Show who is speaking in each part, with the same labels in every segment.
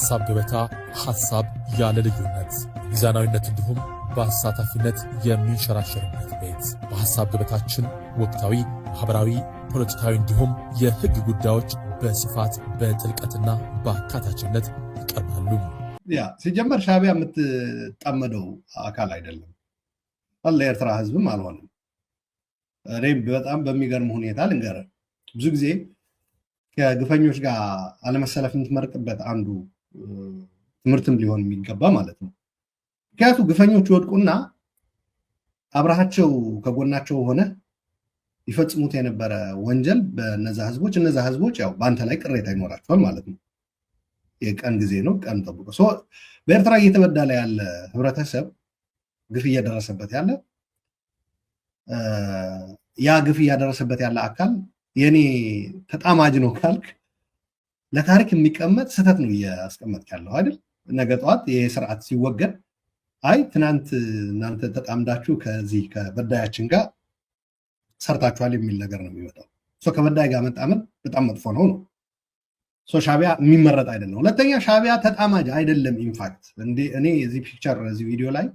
Speaker 1: ሀሳብ ገበታ ሀሳብ ያለ ልዩነት ሚዛናዊነት እንዲሁም በአሳታፊነት የሚንሸራሸርበት ቤት። በሀሳብ ገበታችን ወቅታዊ፣ ማህበራዊ፣ ፖለቲካዊ እንዲሁም የህግ ጉዳዮች በስፋት በጥልቀትና በአካታችነት ይቀርባሉ።
Speaker 2: ያ ሲጀመር ሻቢያ የምትጣመደው አካል አይደለም። ለኤርትራ ህዝብም አልሆንም። እኔም በጣም በሚገርም ሁኔታ ልንገርህ ብዙ ጊዜ ከግፈኞች ጋር አለመሰለፍ የምትመርጥበት አንዱ ትምህርትም ሊሆን የሚገባ ማለት ነው። ምክንያቱ ግፈኞች ወድቁና አብረሃቸው ከጎናቸው ሆነ ይፈጽሙት የነበረ ወንጀል በነዛ ህዝቦች እነዛ ህዝቦች ያው በአንተ ላይ ቅሬታ ይኖራቸዋል ማለት ነው። የቀን ጊዜ ነው፣ ቀን ጠብቆ በኤርትራ እየተበደለ ያለ ህብረተሰብ ግፍ እያደረሰበት ያለ ያ ግፍ እያደረሰበት ያለ አካል የኔ ተጣማጅ ነው ካልክ ለታሪክ የሚቀመጥ ስህተት ነው እያስቀመጥ ያለው አይደል? ነገ ጠዋት ይህ ስርዓት ሲወገድ አይ ትናንት እናንተ ተጣምዳችሁ ከዚህ ከበዳያችን ጋር ሰርታችኋል የሚል ነገር ነው የሚመጣው። ከበዳይ ጋር መጣመድ በጣም መጥፎ ነው ነው ሻቢያ የሚመረጥ አይደለም። ሁለተኛ ሻቢያ ተጣማጅ አይደለም። ኢንፋክት እኔ የዚህ ፒክቸር እዚህ ቪዲዮ ላይ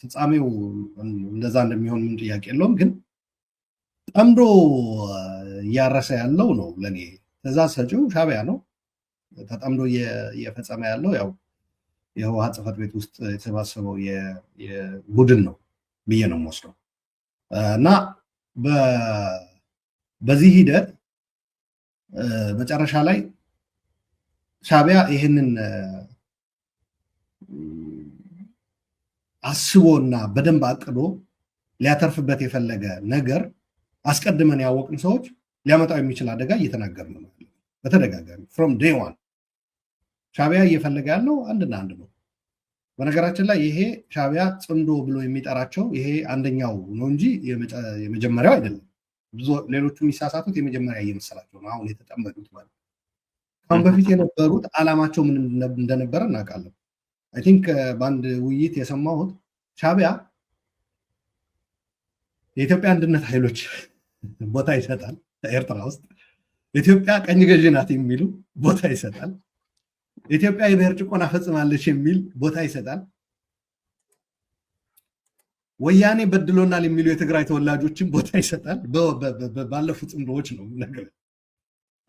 Speaker 2: ፍጻሜው እንደዛ እንደሚሆን ምን ጥያቄ የለውም። ግን ጠምዶ እያረሰ ያለው ነው ለእኔ ትእዛዝ ሰጪው ሻቢያ ነው ተጠምዶ እየፈጸመ ያለው ያው የህወሀት ጽህፈት ቤት ውስጥ የተሰባሰበው ቡድን ነው ብዬ ነው የምወስደው እና በዚህ ሂደት መጨረሻ ላይ ሻቢያ ይህንን አስቦና በደንብ አቅዶ ሊያተርፍበት የፈለገ ነገር አስቀድመን ያወቅን ሰዎች ሊያመጣው የሚችል አደጋ እየተናገር ነው ማለት ነው። በተደጋጋሚ ፍሮም ዴይ ዋን ሻቢያ እየፈለገ ያለው አንድና አንድ ነው። በነገራችን ላይ ይሄ ሻቢያ ጽንዶ ብሎ የሚጠራቸው ይሄ አንደኛው ነው እንጂ የመጀመሪያው አይደለም። ብዙ ሌሎቹ የሚሳሳቱት የመጀመሪያ እየመሰላቸው ነው አሁን የተጠመዱት ማለት ነው። ከአሁን በፊት የነበሩት አላማቸው ምን እንደነበረ እናውቃለን። አይ ቲንክ uh, በአንድ ውይይት የሰማሁት ሻቢያ የኢትዮጵያ አንድነት ኃይሎች ቦታ ይሰጣል ኤርትራ ውስጥ ኢትዮጵያ ቀኝ ገዢ ናት የሚሉ ቦታ ይሰጣል። ኢትዮጵያ የብሔር ጭቆና ፈጽማለች የሚል ቦታ ይሰጣል። ወያኔ በድሎናል የሚሉ የትግራይ ተወላጆችን ቦታ ይሰጣል። ባለፉት ጽምዶዎች ነው ነገር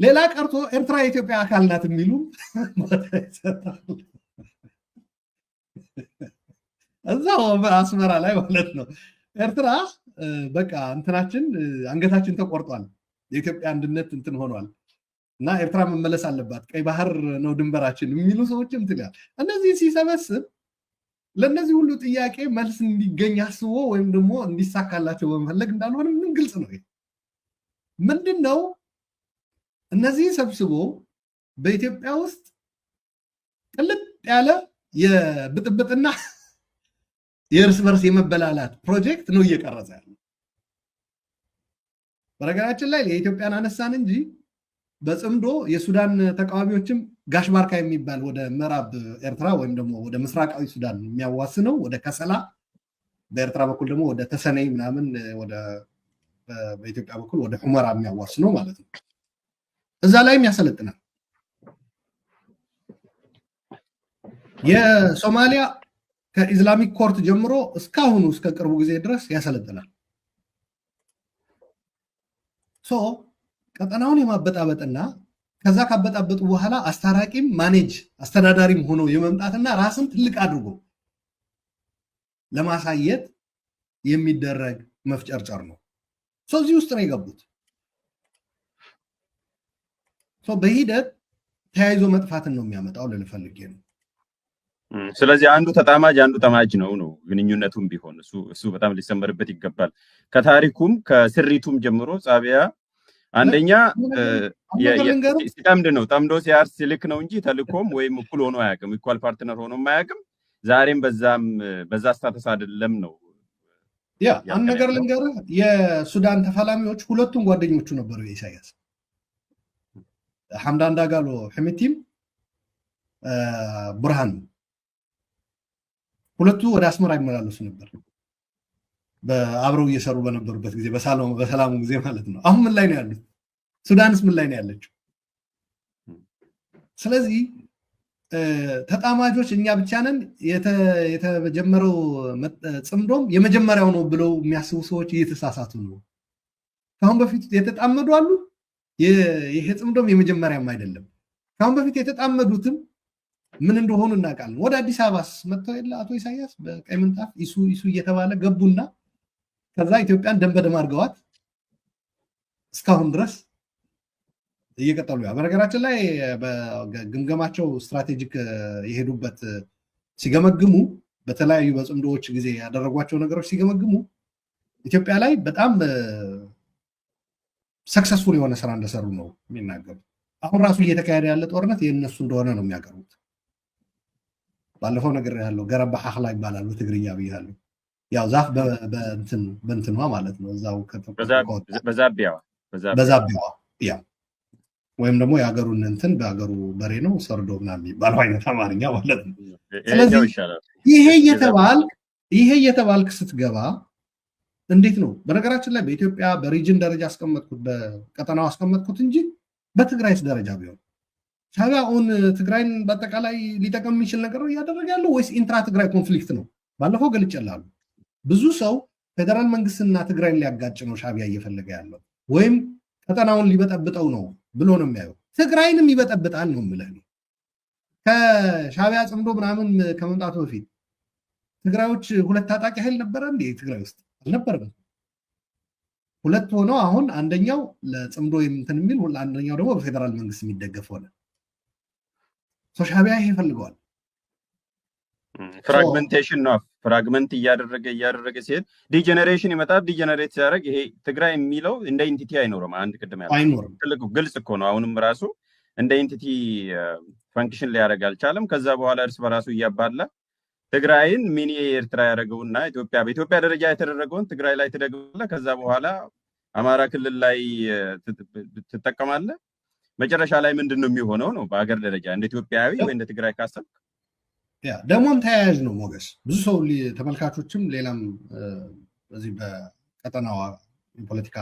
Speaker 2: ሌላ ቀርቶ ኤርትራ የኢትዮጵያ አካል ናት የሚሉ ቦታ ይሰጣል። እዛው አስመራ ላይ ማለት ነው። ኤርትራ በቃ እንትናችን አንገታችን ተቆርጧል የኢትዮጵያ አንድነት እንትን ሆኗል እና ኤርትራ መመለስ አለባት፣ ቀይ ባህር ነው ድንበራችን የሚሉ ሰዎችም ትላል። እነዚህ ሲሰበስብ ለእነዚህ ሁሉ ጥያቄ መልስ እንዲገኝ አስቦ ወይም ደግሞ እንዲሳካላቸው በመፈለግ እንዳልሆነ ምን ግልጽ ነው። ምንድን ነው እነዚህ ሰብስቦ በኢትዮጵያ ውስጥ ቅልጥ ያለ የብጥብጥና የእርስ በርስ የመበላላት ፕሮጀክት ነው እየቀረጸ ያለው። በነገራችን ላይ የኢትዮጵያን አነሳን እንጂ በጽምዶ የሱዳን ተቃዋሚዎችም ጋሽ ባርካ የሚባል ወደ ምዕራብ ኤርትራ ወይም ደግሞ ወደ ምስራቃዊ ሱዳን የሚያዋስነው ወደ ከሰላ በኤርትራ በኩል ደግሞ ወደ ተሰነይ ምናምን በኢትዮጵያ በኩል ወደ ሁመራ የሚያዋስነው ማለት ነው። እዛ ላይም ያሰለጥናል። የሶማሊያ ከኢስላሚክ ኮርት ጀምሮ እስካሁኑ እስከ ቅርቡ ጊዜ ድረስ ያሰለጥናል። ቀጠናውን የማበጣበጥና ከዛ ካበጣበጡ በኋላ አስታራቂም ማኔጅ አስተዳዳሪም ሆኖ የመምጣትና ራስን ትልቅ አድርጎ ለማሳየት የሚደረግ መፍጨርጨር ነው። ሰው እዚህ ውስጥ ነው የገቡት። በሂደት ተያይዞ መጥፋትን ነው የሚያመጣው ልንፈልጌ ነው።
Speaker 3: ስለዚህ አንዱ ተጣማጅ አንዱ ጠማጅ ነው ነው ግንኙነቱም ቢሆን እሱ በጣም ሊሰመርበት ይገባል። ከታሪኩም ከስሪቱም ጀምሮ ጻቢያ አንደኛ ሲጠምድ ነው ጠምዶ ሲያርስ ሲልክ ነው እንጂ ተልኮም ወይም እኩል ሆኖ አያውቅም። ኢኳል ፓርትነር ሆኖ አያውቅም። ዛሬም በዛም በዛ ስታተስ አይደለም ነው
Speaker 2: ያ አንድ ነገር ልንገር፣ የሱዳን ተፋላሚዎች ሁለቱም ጓደኞቹ ነበሩ የኢሳያስ ሐምዳን ዳጋሎ ሕምቲም ቡርሃን ሁለቱ ወደ አስመራ ይመላለሱ ነበር። አብረው እየሰሩ በነበሩበት ጊዜ በሰላሙ ጊዜ ማለት ነው። አሁን ምን ላይ ነው ያሉት? ሱዳንስ ምን ላይ ነው ያለችው? ስለዚህ ተጣማጆች እኛ ብቻ ነን፣ የተጀመረው ጽምዶም የመጀመሪያው ነው ብለው የሚያስቡ ሰዎች እየተሳሳቱ ነው። ከአሁን በፊት የተጣመዱ አሉ። ይሄ ጽምዶም የመጀመሪያም አይደለም። ከአሁን በፊት የተጣመዱትም ምን እንደሆኑ እናውቃለን። ወደ አዲስ አበባ መጥተው የለ አቶ ኢሳያስ በቀይ ምንጣፍ ሱ ይሱ እየተባለ ገቡና ከዛ ኢትዮጵያን ደም በደም አድርገዋት እስካሁን ድረስ እየቀጠሉ ያ በነገራችን ላይ በግምገማቸው ስትራቴጂክ የሄዱበት ሲገመግሙ በተለያዩ በጽምዶዎች ጊዜ ያደረጓቸው ነገሮች ሲገመግሙ ኢትዮጵያ ላይ በጣም ሰክሰስፉል የሆነ ስራ እንደሰሩ ነው የሚናገሩት። አሁን ራሱ እየተካሄደ ያለ ጦርነት የእነሱ እንደሆነ ነው የሚያቀርቡት። ባለፈው ነገር ያለው ገረባ ሀክላ ይባላሉ ትግርኛ ብያለሁ። ያው ዛፍ በእንትኗ ማለት ነው እዛው በዛቢያዋ ያ ወይም ደግሞ የሀገሩን እንትን በሀገሩ በሬ ነው ሰርዶ ምና የሚባለው አይነት አማርኛ ማለት ነው። ስለዚህ ይሄ እየተባልክ ይሄ እየተባልክ ስትገባ እንዴት ነው? በነገራችን ላይ በኢትዮጵያ በሪጅን ደረጃ አስቀመጥኩት፣ በቀጠናው አስቀመጥኩት እንጂ በትግራይስ ደረጃ ቢሆን ሻዕቢያ አሁን ትግራይን በአጠቃላይ ሊጠቀም የሚችል ነገር እያደረገ ያለው ወይስ ኢንትራ ትግራይ ኮንፍሊክት ነው? ባለፈው ገልጬልሃለሁ። ብዙ ሰው ፌደራል መንግስትና ትግራይን ሊያጋጭ ነው ሻቢያ እየፈለገ ያለው ወይም ቀጠናውን ሊበጠብጠው ነው ብሎ ነው የሚያየው። ትግራይንም ይበጠብጣል ነው የምልህ። ከሻቢያ ጽምዶ ምናምን ከመምጣቱ በፊት ትግራዮች ሁለት ታጣቂ ኃይል ነበረ እንዴ? ትግራይ ውስጥ አልነበረም። ሁለት ሆነው አሁን አንደኛው ለጽምዶ እንትን የሚል አንደኛው ደግሞ በፌደራል መንግስት የሚደገፍ ሆነ። ይሄ ይፈልገዋል
Speaker 3: ፍራግመንቴሽን ነው ፍራግመንት እያደረገ እያደረገ ሲሄድ ዲጀኔሬሽን ይመጣል። ዲጀኔሬት ሲያደርግ ይሄ ትግራይ የሚለው እንደ ኢንቲቲ አይኖርም። አንድ ቅድም ያለ ግልጽ እኮ ነው። አሁንም ራሱ እንደ ኢንቲቲ ፈንክሽን ሊያደርግ አልቻለም። ከዛ በኋላ እርስ በራሱ እያባላ ትግራይን ሚኒ ኤርትራ ያደረገውና ኢትዮጵያ በኢትዮጵያ ደረጃ የተደረገውን ትግራይ ላይ ትደግማለህ። ከዛ በኋላ አማራ ክልል ላይ ትጠቀማለህ። መጨረሻ ላይ ምንድን ነው የሚሆነው ነው በሀገር ደረጃ እንደ ኢትዮጵያዊ ወይ እንደ ትግራይ ካሰብክ
Speaker 2: ደግሞም ተያያዥ ነው ሞገስ። ብዙ ሰው ተመልካቾችም፣ ሌላም በዚህ በቀጠናዋ የፖለቲካ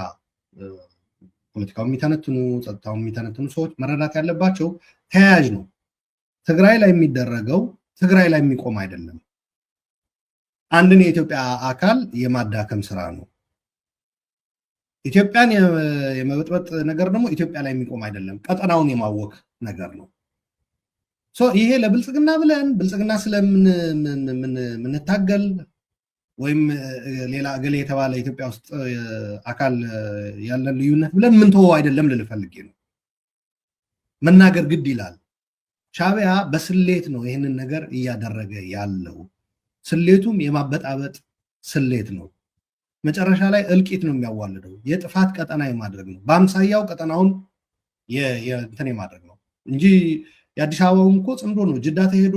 Speaker 2: ፖለቲካው የሚተነትኑ ጸጥታው የሚተነትኑ ሰዎች መረዳት ያለባቸው ተያያዥ ነው። ትግራይ ላይ የሚደረገው ትግራይ ላይ የሚቆም አይደለም። አንድን የኢትዮጵያ አካል የማዳከም ስራ ነው። ኢትዮጵያን የመበጥበጥ ነገር ደግሞ ኢትዮጵያ ላይ የሚቆም አይደለም፣ ቀጠናውን የማወክ ነገር ነው። ይሄ ለብልጽግና ብለን ብልጽግና ስለምንታገል ወይም ሌላ እገሌ የተባለ ኢትዮጵያ ውስጥ አካል ያለን ልዩነት ብለን ምንተወው አይደለም ልል ነው። መናገር ግድ ይላል። ሻቢያ በስሌት ነው ይህንን ነገር እያደረገ ያለው። ስሌቱም የማበጣበጥ ስሌት ነው። መጨረሻ ላይ እልቂት ነው የሚያዋልደው። የጥፋት ቀጠና የማድረግ ነው። በአምሳያው ቀጠናውን እንትን የማድረግ ነው እንጂ የአዲስ አበባውን እኮ ጽምዶ ነው። ጅዳ ተሄዶ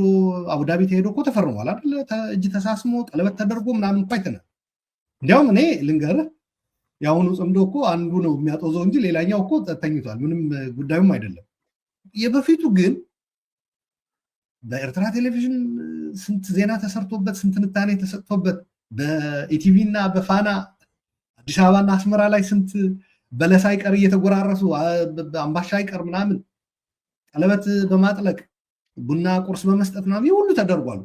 Speaker 2: አቡዳቢ ተሄዶ እኮ ተፈርመዋል አይደለ? እጅ ተሳስሞ ቀለበት ተደርጎ ምናምን እኮ አይተናል። እንዲያውም እኔ ልንገር የአሁኑ ጽምዶ እኮ አንዱ ነው የሚያጦዘው እንጂ ሌላኛው እኮ ተኝቷል፣ ምንም ጉዳዩም አይደለም። የበፊቱ ግን በኤርትራ ቴሌቪዥን ስንት ዜና ተሰርቶበት ስንት ትንታኔ ተሰጥቶበት በኢቲቪ እና በፋና አዲስ አበባና አስመራ ላይ ስንት በለስ አይቀር እየተጎራረሱ አምባሻ አይቀር ምናምን ቀለበት በማጥለቅ ቡና ቁርስ በመስጠት ምናምን ይህ ሁሉ ተደርጓል።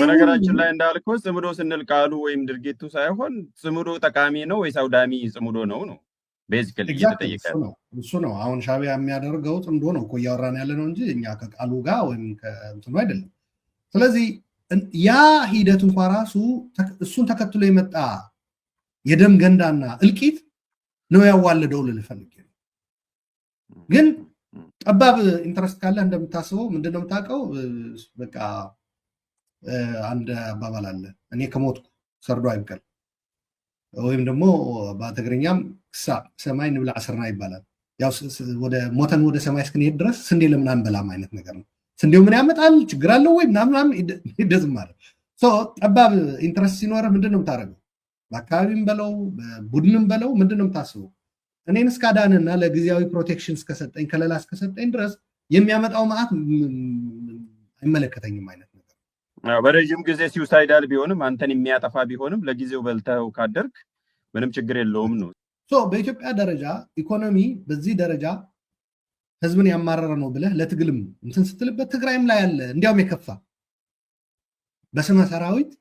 Speaker 3: በነገራችን ላይ እንዳልከው ጽምዶ ስንል ቃሉ ወይም ድርጊቱ ሳይሆን ጽምዶ ጠቃሚ ነው ወይ ሳውዳሚ ጽምዶ ነው ነው ቤዚካሊ
Speaker 2: እየተጠየቀ እሱ ነው። አሁን ሻቢያ የሚያደርገው ጽምዶ ነው እኮ እያወራን ያለ ነው እንጂ እኛ ከቃሉ ጋር ወይም ከእንትኑ አይደለም። ስለዚህ ያ ሂደት እንኳ ራሱ እሱን ተከትሎ የመጣ የደም ገንዳና እልቂት ነው ያዋለደው ልልፈልግ ግን ጠባብ ኢንትረስት ካለ እንደምታስበው ምንድነው የምታውቀው፣ በቃ አንድ አባባል አለ፣ እኔ ከሞትኩ ሰርዶ አይብቀል፣ ወይም ደግሞ በትግርኛም ሰማይ ንብላ አስርና ይባላል። ያው ሞተን ወደ ሰማይ እስክንሄድ ድረስ ስንዴ ለምን አንበላም አይነት ነገር ነው። ስንዴው ምን ያመጣል ችግር አለው ወይ ምናምናም ደዝ ማለት ጠባብ ኢንትረስት ሲኖረ ምንድነው የምታደርገው? በአካባቢም በለው በቡድንም በለው ምንድነው የምታስበው እኔን እስካዳንና ለጊዜያዊ ፕሮቴክሽን እስከሰጠኝ ከለላ እስከሰጠኝ ድረስ የሚያመጣው መዓት አይመለከተኝም አይነት ነገር
Speaker 3: በረዥም ጊዜ ሲውሳይዳል ቢሆንም አንተን የሚያጠፋ ቢሆንም ለጊዜው በልተው ካደርግ ምንም ችግር የለውም ነው።
Speaker 2: በኢትዮጵያ ደረጃ ኢኮኖሚ በዚህ ደረጃ ህዝብን ያማረረ ነው ብለህ ለትግልም እንትን ስትልበት ትግራይም ላይ ያለ እንዲያውም የከፋ በስመ ሰራዊት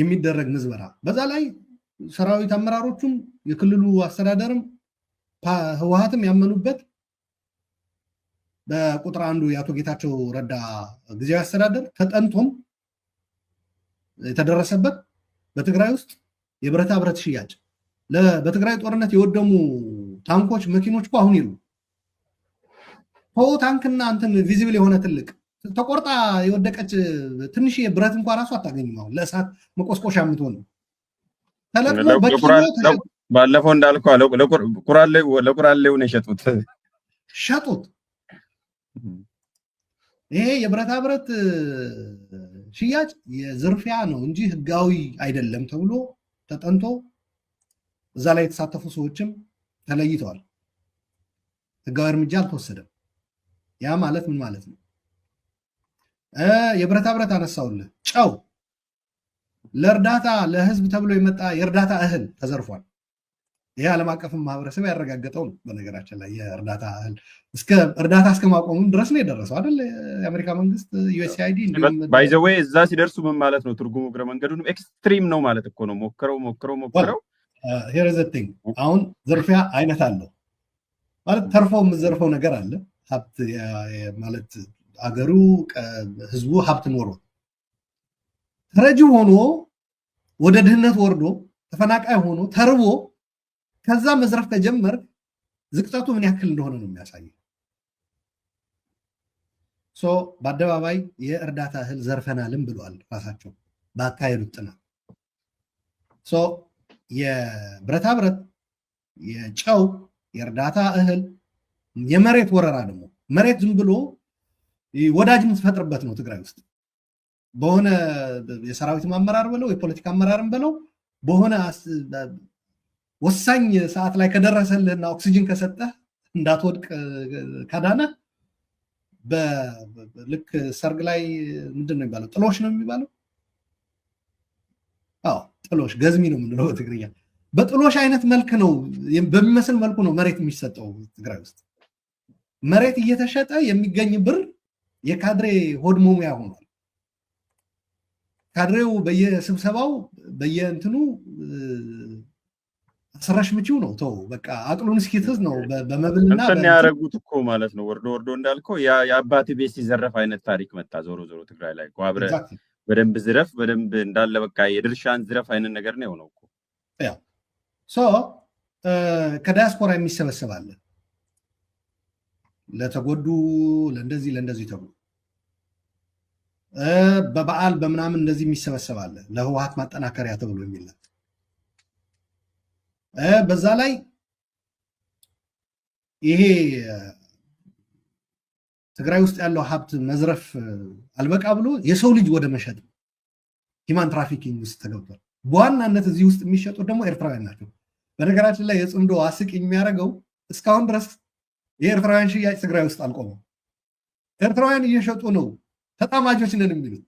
Speaker 2: የሚደረግ ምዝበራ በዛ ላይ ሰራዊት አመራሮቹም የክልሉ አስተዳደርም ህወሀትም ያመኑበት በቁጥር አንዱ የአቶ ጌታቸው ረዳ ጊዜያዊ አስተዳደር ተጠንቶም የተደረሰበት በትግራይ ውስጥ የብረታ ብረት ሽያጭ በትግራይ ጦርነት የወደሙ ታንኮች፣ መኪኖች እኮ አሁን ይሉ ሆ ታንክና እንትን ቪዚብል የሆነ ትልቅ ተቆርጣ የወደቀች ትንሽ ብረት እንኳ ራሱ አታገኝም። አሁን ለእሳት መቆስቆሻ የምትሆን
Speaker 3: ባለፈው እንዳልከው ለቁራሌው ነው የሸጡት
Speaker 2: ሸጡት። ይሄ የብረታ ብረት ሽያጭ የዝርፊያ ነው እንጂ ህጋዊ አይደለም ተብሎ ተጠንቶ እዛ ላይ የተሳተፉ ሰዎችም ተለይተዋል። ህጋዊ እርምጃ አልተወሰደም። ያ ማለት ምን ማለት ነው? የብረታ ብረት አነሳውልህ ጨው ለእርዳታ ለህዝብ ተብሎ የመጣ የእርዳታ እህል ተዘርፏል። ይህ ዓለም አቀፍም ማህበረሰብ ያረጋገጠው ነው። በነገራችን ላይ የእርዳታ እህል እርዳታ እስከ ማቆሙም ድረስ ነው የደረሰው አይደል? የአሜሪካ መንግስት ዩኤስአይዲ
Speaker 3: ባይዘወይ እዛ ሲደርሱ ምን ማለት ነው? ትርጉሙ እግረ መንገዱንም ኤክስትሪም ነው ማለት እኮ ነው። ሞክረው ሞክረው ሞክረው
Speaker 2: ሄረዘቲንግ uh, አሁን ዝርፊያ አይነት አለው ማለት ተርፎ የምዘርፈው ነገር አለ ሀብት ማለት አገሩ ህዝቡ ሀብት ኖሮት ተረጂ ሆኖ ወደ ድህነት ወርዶ ተፈናቃይ ሆኖ ተርቦ ከዛ መዝረፍ ከጀመር ዝቅጠቱ ምን ያክል እንደሆነ ነው የሚያሳየው። በአደባባይ የእርዳታ እህል ዘርፈናልም ብለዋል ራሳቸው በአካሄዱት ጥናት። የብረታ ብረት፣ የጨው፣ የእርዳታ እህል፣ የመሬት ወረራ ደግሞ መሬት ዝም ብሎ ወዳጅ የምትፈጥርበት ነው ትግራይ ውስጥ በሆነ የሰራዊት አመራር ብለው የፖለቲካ አመራርም ብለው በሆነ ወሳኝ ሰዓት ላይ ከደረሰልህና ኦክሲጅን ከሰጠህ እንዳትወድቅ ከዳነ ልክ ሰርግ ላይ ምንድን ነው የሚባለው? ጥሎሽ ነው የሚባለው። አዎ ጥሎሽ ገዝሚ ነው የምንለው ትግርኛ። በጥሎሽ አይነት መልክ ነው በሚመስል መልኩ ነው መሬት የሚሰጠው ትግራይ ውስጥ መሬት እየተሸጠ የሚገኝ ብር የካድሬ ሆድ መሙያ ሆኗል። ካድሬው በየስብሰባው በየእንትኑ አሰራሽ ምችው ነው። ተው በቃ አቅሉን እስኪትዝ ነው
Speaker 3: በመብልና ያደረጉት እኮ ማለት ነው። ወርዶ ወርዶ እንዳልከው የአባት ቤት ሲዘረፍ አይነት ታሪክ መጣ። ዞሮ ዞሮ ትግራይ ላይ አብረ በደንብ ዝረፍ በደንብ እንዳለ በቃ የድርሻን ዝረፍ አይነት ነገር ነው የሆነው እኮ
Speaker 2: ከዳያስፖራ የሚሰበሰባለን ለተጎዱ ለእንደዚህ ለእንደዚህ ተብሎ በበዓል በምናምን እንደዚህ የሚሰበሰባለ ለህወሀት ማጠናከሪያ ተብሎ የሚለት በዛ ላይ ይሄ ትግራይ ውስጥ ያለው ሀብት መዝረፍ አልበቃ ብሎ የሰው ልጅ ወደ መሸጥ ሂማን ትራፊኪንግ ውስጥ ተገብቷል። በዋናነት እዚህ ውስጥ የሚሸጡት ደግሞ ኤርትራውያን ናቸው። በነገራችን ላይ የጽምዶ አስቅ የሚያደርገው እስካሁን ድረስ የኤርትራውያን ሽያጭ ትግራይ ውስጥ አልቆመም። ኤርትራውያን እየሸጡ ነው ተጣማጆች ነን የሚሉት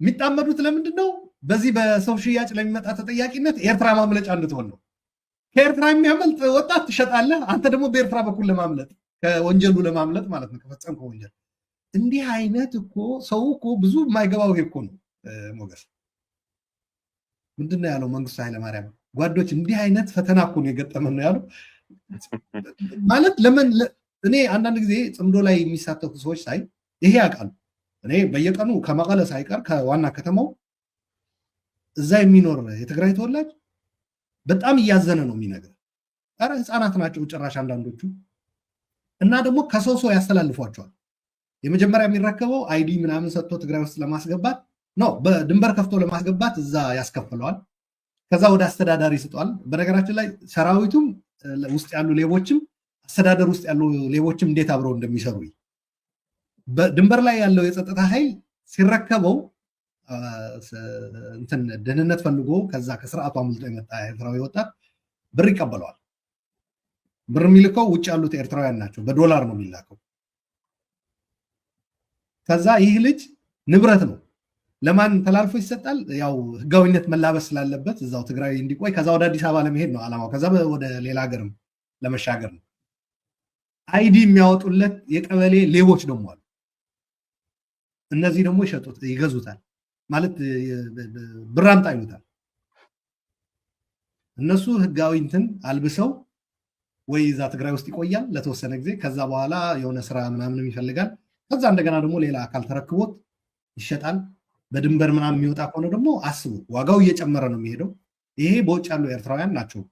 Speaker 2: የሚጣመዱት ለምንድን ነው? በዚህ በሰው ሽያጭ ለሚመጣ ተጠያቂነት ኤርትራ ማምለጫ እንድትሆን ነው። ከኤርትራ የሚያመልጥ ወጣት ትሸጣለህ፣ አንተ ደግሞ በኤርትራ በኩል ለማምለጥ ከወንጀሉ ለማምለጥ ማለት ነው፣ ከፈጸምከው ወንጀል። እንዲህ አይነት እኮ ሰው እኮ ብዙ የማይገባው ይሄ እኮ ነው። ሞገስ ምንድን ነው ያለው? መንግስቱ ኃይለማርያም ጓዶች፣ እንዲህ አይነት ፈተና እኮ ነው የገጠመን ነው ያለው። ማለት ለምን እኔ አንዳንድ ጊዜ ጽምዶ ላይ የሚሳተፉ ሰዎች ሳይ ይሄ ያውቃሉ እኔ በየቀኑ ከመቀለ ሳይቀር ከዋና ከተማው እዛ የሚኖር የትግራይ ተወላጅ በጣም እያዘነ ነው የሚነግር። ኧረ ህፃናት ናቸው ጭራሽ አንዳንዶቹ። እና ደግሞ ከሰው ሰው ያስተላልፏቸዋል። የመጀመሪያ የሚረከበው አይዲ ምናምን ሰጥቶ ትግራይ ውስጥ ለማስገባት ነው፣ በድንበር ከፍቶ ለማስገባት እዛ ያስከፍለዋል። ከዛ ወደ አስተዳዳሪ ይሰጠዋል። በነገራችን ላይ ሰራዊቱም ውስጥ ያሉ ሌቦችም አስተዳደር ውስጥ ያሉ ሌቦችም እንዴት አብረው እንደሚሰሩ ድንበር ላይ ያለው የጸጥታ ኃይል ሲረከበው እንትን ደህንነት ፈልጎ ከዛ ከስርዓቱ አምልጦ የመጣ ኤርትራዊ ወጣት ብር ይቀበለዋል። ብር የሚልከው ውጭ ያሉት ኤርትራውያን ናቸው። በዶላር ነው የሚላከው። ከዛ ይህ ልጅ ንብረት ነው ለማን ተላልፎ ይሰጣል? ያው ህጋዊነት መላበስ ስላለበት እዛው ትግራዊ እንዲቆይ፣ ከዛ ወደ አዲስ አበባ ለመሄድ ነው አላማው። ከዛ ወደ ሌላ ሀገርም ለመሻገር ነው። አይዲ የሚያወጡለት የቀበሌ ሌቦች ደግሞ አሉ። እነዚህ ደግሞ ይሸጡት ይገዙታል ማለት ብር አምጣ ይሉታል። እነሱ ህጋዊ እንትን አልብሰው ወይ እዛ ትግራይ ውስጥ ይቆያል ለተወሰነ ጊዜ። ከዛ በኋላ የሆነ ስራ ምናምንም ይፈልጋል። ከዛ እንደገና ደግሞ ሌላ አካል ተረክቦት ይሸጣል። በድንበር ምናምን የሚወጣ ከሆነ ደግሞ አስቡ፣ ዋጋው እየጨመረ ነው የሚሄደው። ይሄ በውጭ ያሉ ኤርትራውያን ናቸው።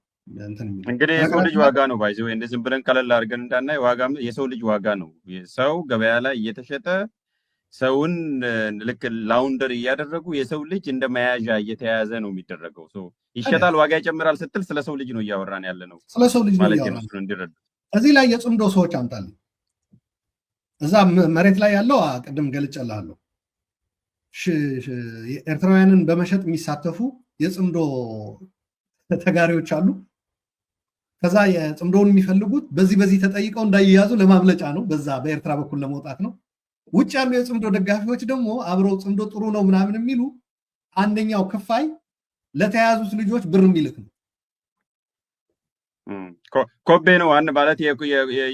Speaker 3: እንግዲህ የሰው ልጅ ዋጋ ነው ባይዘ ወይ እንደዚህ ብለን ቀለል አድርገን እንዳና የሰው ልጅ ዋጋ ነው። ሰው ገበያ ላይ እየተሸጠ ሰውን ልክ ላውንደር እያደረጉ የሰው ልጅ እንደ መያዣ እየተያያዘ ነው የሚደረገው። ይሸጣል፣ ዋጋ ይጨምራል ስትል ስለ ሰው ልጅ ነው እያወራን ያለ ነው።
Speaker 2: ስለ ሰው ልጅ ነው እንዲረዱ እዚህ ላይ የጽምዶ ሰዎች አምጣል። እዛ መሬት ላይ ያለው ቅድም ገልጨላለሁ፣ ኤርትራውያንን በመሸጥ የሚሳተፉ የጽምዶ ተጋሪዎች አሉ። ከዛ የጽምዶውን የሚፈልጉት በዚህ በዚህ ተጠይቀው እንዳይያዙ ለማምለጫ ነው። በዛ በኤርትራ በኩል ለመውጣት ነው። ውጭ ያሉ የጽምዶ ደጋፊዎች ደግሞ አብረው ጽምዶ ጥሩ ነው ምናምን የሚሉ አንደኛው ክፋይ ለተያዙት ልጆች ብር የሚልክ ነው።
Speaker 3: ኮቤ ነው አን ማለት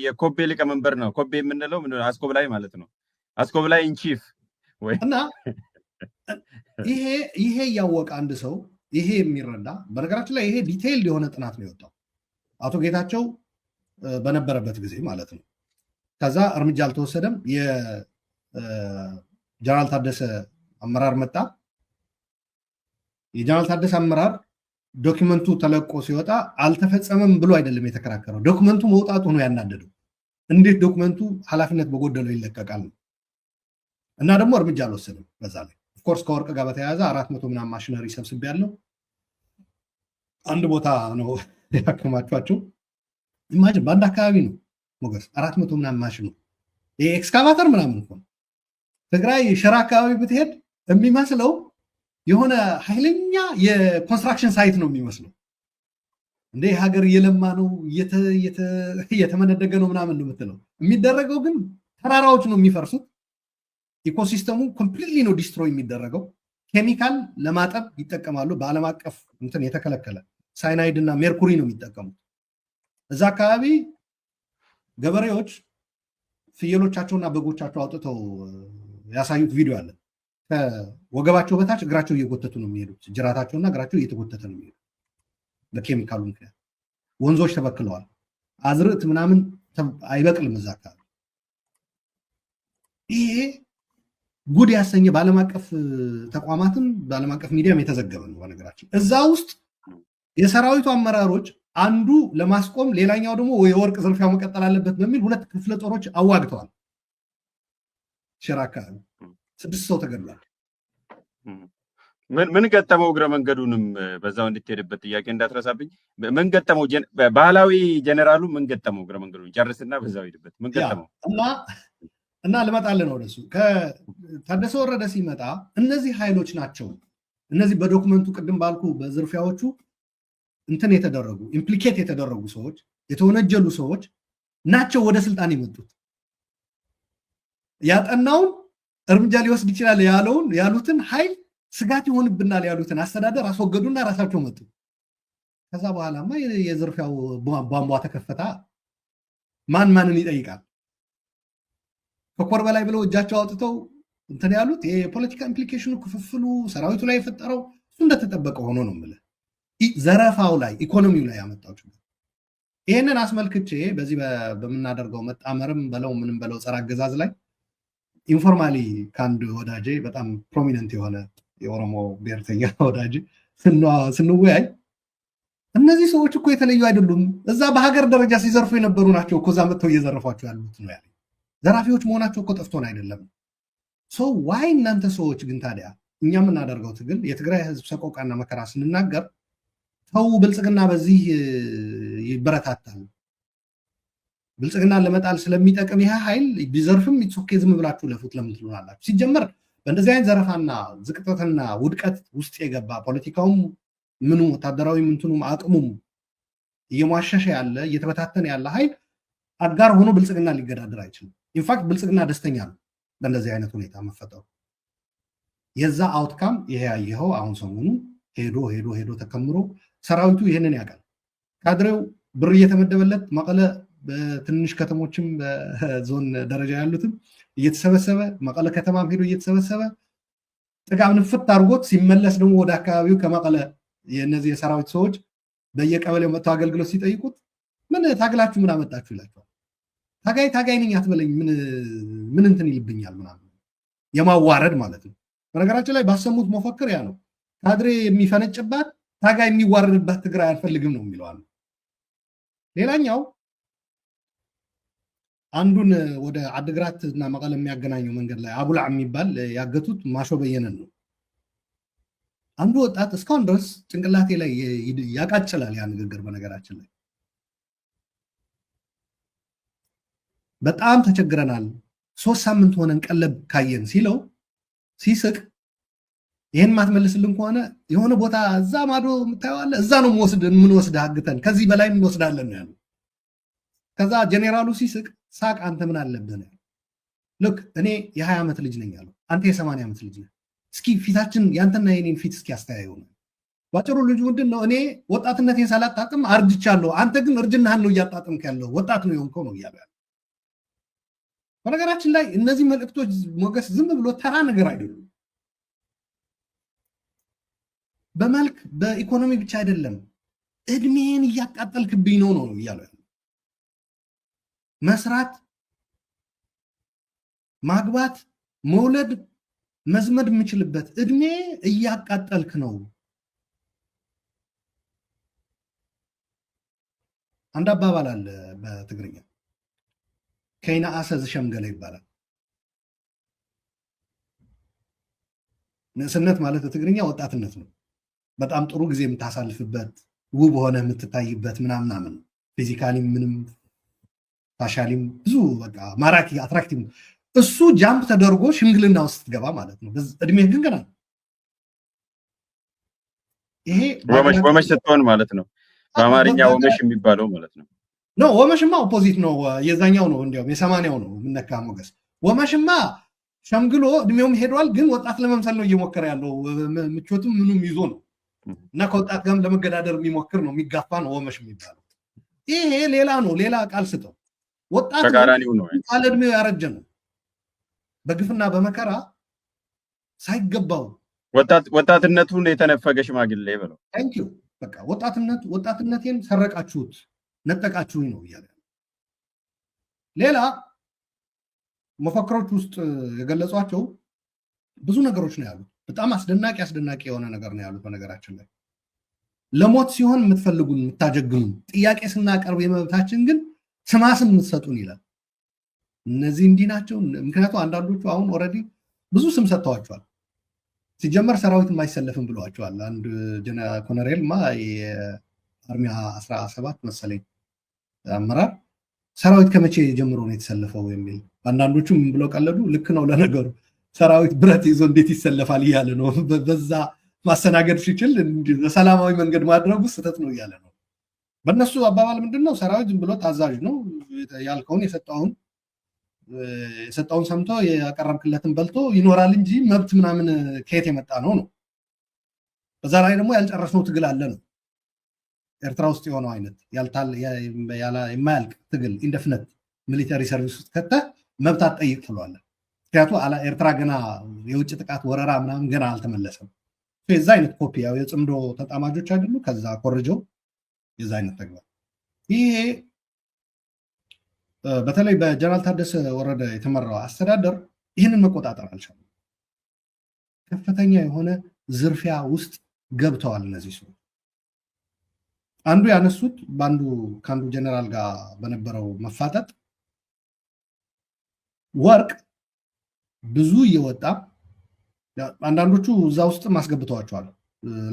Speaker 3: የኮቤ ሊቀመንበር ነው። ኮቤ የምንለው አስኮብ ላይ ማለት ነው። አስኮብ ላይ ኢንቺፍ
Speaker 2: እና ይሄ ይሄ እያወቀ አንድ ሰው ይሄ የሚረዳ በነገራችን ላይ ይሄ ዲቴይልድ የሆነ ጥናት ነው የወጣው አቶ ጌታቸው በነበረበት ጊዜ ማለት ነው። ከዛ እርምጃ አልተወሰደም። ጀነራል ታደሰ አመራር መጣ። የጀነራል ታደሰ አመራር ዶኪመንቱ ተለቆ ሲወጣ አልተፈጸመም ብሎ አይደለም የተከራከረው። ዶኪመንቱ መውጣቱ ነው ያናደደው። እንዴት ዶኪመንቱ ኃላፊነት በጎደለው ይለቀቃል? እና ደግሞ እርምጃ አልወሰድም በዛ ላይ ኦፍኮርስ ከወርቅ ጋር በተያያዘ አራት መቶ ምናምን ማሽነሪ ሰብስቤ ያለው አንድ ቦታ ነው ያከማቸኋቸው። ኢማጅን በአንድ አካባቢ ነው ሞገስ አራት መቶ ምናምን ነው ኤክስካቫተር ምናምን እኮ ነው ትግራይ ሽራ አካባቢ ብትሄድ የሚመስለው የሆነ ኃይለኛ የኮንስትራክሽን ሳይት ነው የሚመስለው። እንደ ሀገር እየለማ ነው እየተመነደገ ነው ምናምን ነው የምትለው። የሚደረገው ግን ተራራዎች ነው የሚፈርሱት። ኢኮሲስተሙ ኮምፕሊትሊ ነው ዲስትሮይ የሚደረገው። ኬሚካል ለማጠብ ይጠቀማሉ። በዓለም አቀፍ እንትን የተከለከለ ሳይናይድ እና ሜርኩሪ ነው የሚጠቀሙት። እዛ አካባቢ ገበሬዎች ፍየሎቻቸውና በጎቻቸው አውጥተው ያሳዩት ቪዲዮ አለ። ከወገባቸው በታች እግራቸው እየጎተቱ ነው የሚሄዱት። ጅራታቸውና እግራቸው እየተጎተተ ነው የሚሄዱት በኬሚካሉ ምክንያት። ወንዞች ተበክለዋል። አዝርዕት ምናምን አይበቅልም እዛ አካባቢ። ይሄ ጉድ ያሰኘ በዓለም አቀፍ ተቋማትም በዓለም አቀፍ ሚዲያም የተዘገበ ነው። በነገራችን እዛ ውስጥ የሰራዊቱ አመራሮች አንዱ ለማስቆም ሌላኛው ደግሞ የወርቅ ዝርፊያው መቀጠል አለበት በሚል ሁለት ክፍለ ጦሮች አዋግተዋል። ሸራ አካባቢ ስድስት ሰው ተገድሏል።
Speaker 3: ምን ገጠመው? እግረ መንገዱንም በዛው እንድትሄድበት ጥያቄ እንዳትረሳብኝ። ምን ገጠመው? ባህላዊ ጀኔራሉ ምን ገጠመው? እግረ መንገዱን ጨርስና በዛው ሄድበት።
Speaker 2: ምን ገጠመው? እና እና ልመጣልን ወደሱ ከታደሰ ወረደ ሲመጣ እነዚህ ኃይሎች ናቸው እነዚህ በዶክመንቱ ቅድም ባልኩ በዝርፊያዎቹ እንትን የተደረጉ ኢምፕሊኬት የተደረጉ ሰዎች የተወነጀሉ ሰዎች ናቸው ወደ ስልጣን የመጡት ያጠናውን እርምጃ ሊወስድ ይችላል ያለውን ያሉትን ኃይል ስጋት ይሆንብናል ያሉትን አስተዳደር አስወገዱና ራሳቸው መጡ። ከዛ በኋላማ የዝርፊያው ቧንቧ ተከፈታ። ማን ማንን ይጠይቃል? ከኮር በላይ ብለው እጃቸው አውጥተው እንትን ያሉት የፖለቲካ ኢምፕሊኬሽኑ ክፍፍሉ ሰራዊቱ ላይ የፈጠረው እሱ እንደተጠበቀ ሆኖ ነው የምልህ። ዘረፋው ላይ ኢኮኖሚው ላይ ያመጣው ችግር ይህንን አስመልክቼ በዚህ በምናደርገው መጣመርም በለው ምንም በለው ጸረ አገዛዝ ላይ ኢንፎርማሊ ከአንድ ወዳጄ በጣም ፕሮሚነንት የሆነ የኦሮሞ ብሔርተኛ ወዳጄ ስንወያይ እነዚህ ሰዎች እኮ የተለዩ አይደሉም፣ እዛ በሀገር ደረጃ ሲዘርፉ የነበሩ ናቸው እኮ እዛ መጥተው እየዘረፏቸው ያሉት ነው ያለ። ዘራፊዎች መሆናቸው እኮ ጠፍቶን አይደለም። ሰው ዋይ እናንተ ሰዎች ግን ታዲያ እኛ የምናደርገው ትግል የትግራይ ህዝብ ሰቆቃና መከራ ስንናገር ሰው ብልጽግና በዚህ ይበረታታል ብልጽግናን ለመጣል ስለሚጠቅም ይህ ኃይል ቢዘርፍም ሶኬ ዝም ብላችሁ ለፉት ለምን ትሉናላችሁ? ሲጀመር በእንደዚህ አይነት ዘረፋና ዝቅጠትና ውድቀት ውስጥ የገባ ፖለቲካውም ምኑ ወታደራዊ ምንትኑም አቅሙም እየሟሸሸ ያለ እየተበታተነ ያለ ኃይል አጋር ሆኖ ብልጽግና ሊገዳደር አይችልም። ኢንፋክት ብልጽግና ደስተኛ ነው በእንደዚህ አይነት ሁኔታ መፈጠሩ። የዛ አውትካም ይሄ ያየኸው አሁን ሰሞኑ ሄዶ ሄዶ ሄዶ ተከምሮ ሰራዊቱ ይህንን ያውቃል። ካድሬው ብር እየተመደበለት መቀለ በትንሽ ከተሞችም በዞን ደረጃ ያሉትም እየተሰበሰበ መቀለ ከተማም ሄዶ እየተሰበሰበ ጥቃም ንፍት አድርጎት ሲመለስ ደግሞ ወደ አካባቢው ከመቀለ የእነዚህ የሰራዊት ሰዎች በየቀበሌው መጥተው አገልግሎት ሲጠይቁት ምን ታግላችሁ ምን አመጣችሁ ይላቸዋል። ታጋይ ታጋይ ነኝ አትበለኝ፣ ምን እንትን ይልብኛል ምናምን የማዋረድ ማለት ነው። በነገራችን ላይ ባሰሙት መፈክር ያ ነው። ካድሬ የሚፈነጭባት ታጋይ የሚዋረድባት ትግራይ አልፈልግም ነው የሚለዋል። ሌላኛው አንዱን ወደ አድግራት እና መቀለ የሚያገናኘው መንገድ ላይ አቡላዕ የሚባል ያገቱት ማሾ በየነን ነው። አንዱ ወጣት እስካሁን ድረስ ጭንቅላቴ ላይ ያቃጭላል ያ ንግግር። በነገራችን ላይ በጣም ተቸግረናል፣ ሶስት ሳምንት ሆነን ቀለብ ካየን ሲለው ሲስቅ ይህን ማትመልስልን ከሆነ የሆነ ቦታ እዛ ማዶ የምታየዋለ እዛ ነው ምንወስድ አግተን ከዚህ በላይ እንወስዳለን ነው ያሉ። ከዛ ጀኔራሉ ሲስቅ ሳቅ አንተ ምን አለብህ ነው ልክ እኔ የ20 ዓመት ልጅ ነኝ አሉ አንተ የ80 ዓመት ልጅ ነህ እስኪ ፊታችን ያንተና የኔን ፊት እስኪ አስተያየው ነው ባጭሩ ልጁ ምንድን ነው እኔ ወጣትነቴን ሳላጣጥም አርጅቻለሁ አንተ ግን እርጅናህን ነው እያጣጥምክ ያለው ወጣት ነው የሆንከው ነው እያለ ያለው በነገራችን ላይ እነዚህ መልእክቶች ሞገስ ዝም ብሎ ተራ ነገር አይደሉም በመልክ በኢኮኖሚ ብቻ አይደለም እድሜን እያቃጠልክብኝ ነው ነው እያለ መስራት፣ ማግባት፣ መውለድ፣ መዝመድ የምችልበት እድሜ እያቃጠልክ ነው። አንድ አባባል አለ በትግርኛ ከይነ አሰ ዝሸምገለ ይባላል። ንእስነት ማለት በትግርኛ ወጣትነት ነው። በጣም ጥሩ ጊዜ የምታሳልፍበት ውብ ሆነ የምትታይበት ምናምናምን ፊዚካሊ ምንም ፋሻሊም ብዙ በቃ ማራኪ አትራክቲቭ ነው። እሱ ጃምፕ ተደርጎ ሽምግልና ውስጥ ስትገባ ማለት ነው። እድሜ ግን ገና
Speaker 3: ይሄ ወመሽ ስትሆን ማለት ነው። በአማርኛ ወመሽ የሚባለው ማለት ነው።
Speaker 2: ኖ ወመሽማ ኦፖዚት ነው። የዛኛው ነው፣ እንዲያውም የሰማንያው ነው የምነካ ሞገስ። ወመሽማ ሸምግሎ እድሜውም ሄደዋል፣ ግን ወጣት ለመምሰል ነው እየሞከረ ያለው። ምቾትም ምኑም ይዞ ነው እና ከወጣት ጋርም ለመገዳደር የሚሞክር ነው፣ የሚጋፋ ነው ወመሽ የሚባለው። ይሄ ሌላ ነው፣ ሌላ ቃል ስጠው ወጣት ቃል እድሜው ያረጀ ነው። በግፍና በመከራ ሳይገባው
Speaker 3: ወጣትነቱን የተነፈገ ሽማግሌ ብለው
Speaker 2: በቃ ወጣትነት ወጣትነቴን ሰረቃችሁት፣ ነጠቃችሁኝ ነው እያለ ሌላ መፈክሮች ውስጥ የገለጿቸው ብዙ ነገሮች ነው ያሉት። በጣም አስደናቂ አስደናቂ የሆነ ነገር ነው ያሉት። በነገራችን ላይ ለሞት ሲሆን የምትፈልጉን የምታጀግኑን ጥያቄ ስናቀርብ የመብታችን ግን ስማስም ምትሰጡን የምትሰጡን ይላል። እነዚህ እንዲህ ናቸው። ምክንያቱም አንዳንዶቹ አሁን ኦልሬዲ ብዙ ስም ሰጥተዋቸዋል። ሲጀመር ሰራዊት የማይሰለፍም ብለዋቸዋል። አንድ ኮነሬል ማ የአርሚያ አስራ ሰባት መሰለኝ አመራር ሰራዊት ከመቼ ጀምሮ ነው የተሰለፈው የሚል አንዳንዶቹ ምን ብለው ቀለዱ። ልክ ነው ለነገሩ ሰራዊት ብረት ይዞ እንዴት ይሰለፋል እያለ ነው። በዛ ማስተናገድ ሲችል ሰላማዊ መንገድ ማድረጉ ስህተት ነው እያለ ነው። በእነሱ አባባል ምንድን ነው ሰራዊት ዝም ብሎ ታዛዥ ነው። ያልከውን የሰጠውን የሰጠውን ሰምቶ ያቀረብክለትን በልቶ ይኖራል እንጂ መብት ምናምን ከየት የመጣ ነው ነው። በዛ ላይ ደግሞ ያልጨረስነው ትግል አለ ነው ኤርትራ ውስጥ የሆነው አይነት የማያልቅ ትግል ኢንደፍነት ሚሊተሪ ሰርቪስ ውስጥ ከተ መብት አትጠይቅ ትሏለ ምክንያቱ ኤርትራ ገና የውጭ ጥቃት ወረራ ምናምን ገና አልተመለሰም። የዛ አይነት ኮፒ ያው የጽምዶ ተጣማጆች አይደሉ ከዛ ኮርጆ የዛ አይነት ተግባር ይሄ በተለይ በጀነራል ታደሰ ወረደ የተመራው አስተዳደር ይህንን መቆጣጠር አልቻለም። ከፍተኛ የሆነ ዝርፊያ ውስጥ ገብተዋል እነዚህ ሰዎች። አንዱ ያነሱት በአንዱ ከአንዱ ጀነራል ጋር በነበረው መፋጠጥ ወርቅ ብዙ እየወጣ አንዳንዶቹ እዛ ውስጥም አስገብተዋቸዋል።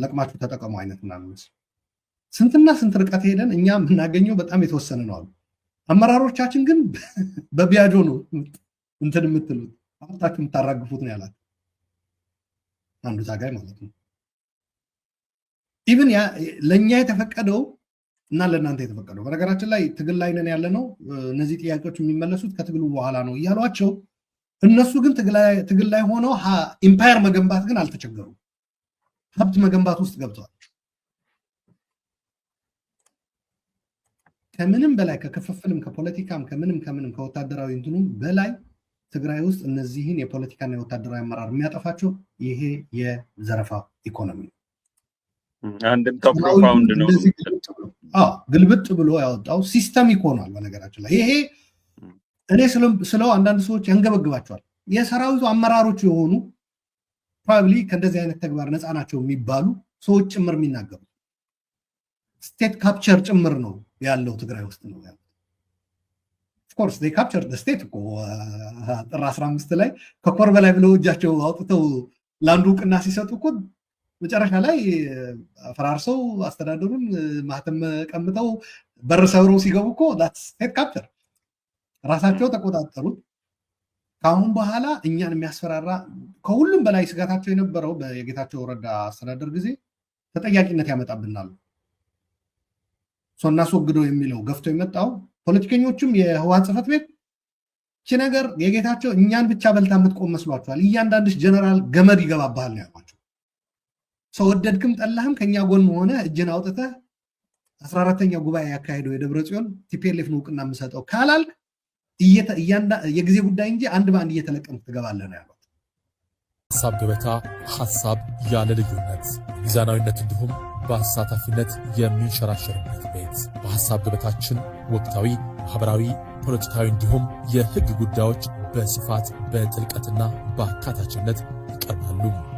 Speaker 2: ለቅማችሁ ተጠቀሙ አይነት ምናምን ስንትና ስንት ርቀት ሄደን እኛ የምናገኘው በጣም የተወሰነ ነው አሉ። አመራሮቻችን ግን በቢያጆ ነው እንትን የምትሉት አምታችሁ የምታራግፉት ነው ያላት አንዱ ታጋይ ማለት ነው። ኢቭን ለእኛ የተፈቀደው እና ለእናንተ የተፈቀደው በነገራችን ላይ ትግል ላይ ነን ያለ ነው። እነዚህ ጥያቄዎች የሚመለሱት ከትግሉ በኋላ ነው እያሏቸው እነሱ ግን ትግል ላይ ሆነው ኢምፓየር መገንባት ግን አልተቸገሩም። ሀብት መገንባት ውስጥ ገብተዋል። ከምንም በላይ ከክፍፍልም ከፖለቲካም ከምንም ከምንም ከወታደራዊ እንትኑ በላይ ትግራይ ውስጥ እነዚህን የፖለቲካና የወታደራዊ አመራር የሚያጠፋቸው ይሄ የዘረፋ ኢኮኖሚ ግልብጥ ብሎ ያወጣው ሲስተም ሆኗል። በነገራችን ላይ ይሄ እኔ ስለው አንዳንድ ሰዎች ያንገበግባቸዋል። የሰራዊቱ አመራሮች የሆኑ ፕሮባብሊ ከእንደዚህ አይነት ተግባር ነፃ ናቸው የሚባሉ ሰዎች ጭምር የሚናገሩ ስቴት ካፕቸር ጭምር ነው ያለው ትግራይ ውስጥ ነው ያለው። ኦፍኮርስ ካፕቸር ስቴት እኮ ጥር 15 ላይ ከኮር በላይ ብለው እጃቸው አውጥተው ለአንዱ እውቅና ሲሰጡ እኮ መጨረሻ ላይ ፈራርሰው አስተዳደሩን ማህተም ቀምተው በር ሰብረው ሲገቡ እኮ ስቴት ካፕቸር ራሳቸው ተቆጣጠሩት። ከአሁን በኋላ እኛን የሚያስፈራራ ከሁሉም በላይ ስጋታቸው የነበረው በጌታቸው ረዳ አስተዳደር ጊዜ ተጠያቂነት ያመጣብናል ሰው እናስወግደው የሚለው ገፍቶ የመጣው ፖለቲከኞቹም የህወሓት ጽሕፈት ቤት ቺ ነገር የጌታቸው እኛን ብቻ በልታ የምትቆም መስሏቸዋል። እያንዳንድሽ ጀነራል ገመድ ይገባባሃል ነው ያሏቸው። ሰው ወደድክም ጠላህም ከኛ ጎን ሆነ እጅን አውጥተህ አስራ አራተኛ ጉባኤ ያካሄደው የደብረ ጽዮን ቲፒኤልኤፍን እውቅና የምሰጠው ካላልክ የጊዜ ጉዳይ እንጂ አንድ በአንድ እየተለቀምክ ትገባለህ ነው ያሏት።
Speaker 1: ሀሳብ ገበታ ሀሳብ ያለ ልዩነት ሚዛናዊነት እንዲሁም በአሳታፊነት የሚንሸራሸርበት ቤት በሐሳብ ገበታችን ወቅታዊ፣ ማኅበራዊ፣ ፖለቲካዊ እንዲሁም የሕግ ጉዳዮች በስፋት በጥልቀትና በአካታችነት ይቀርባሉ።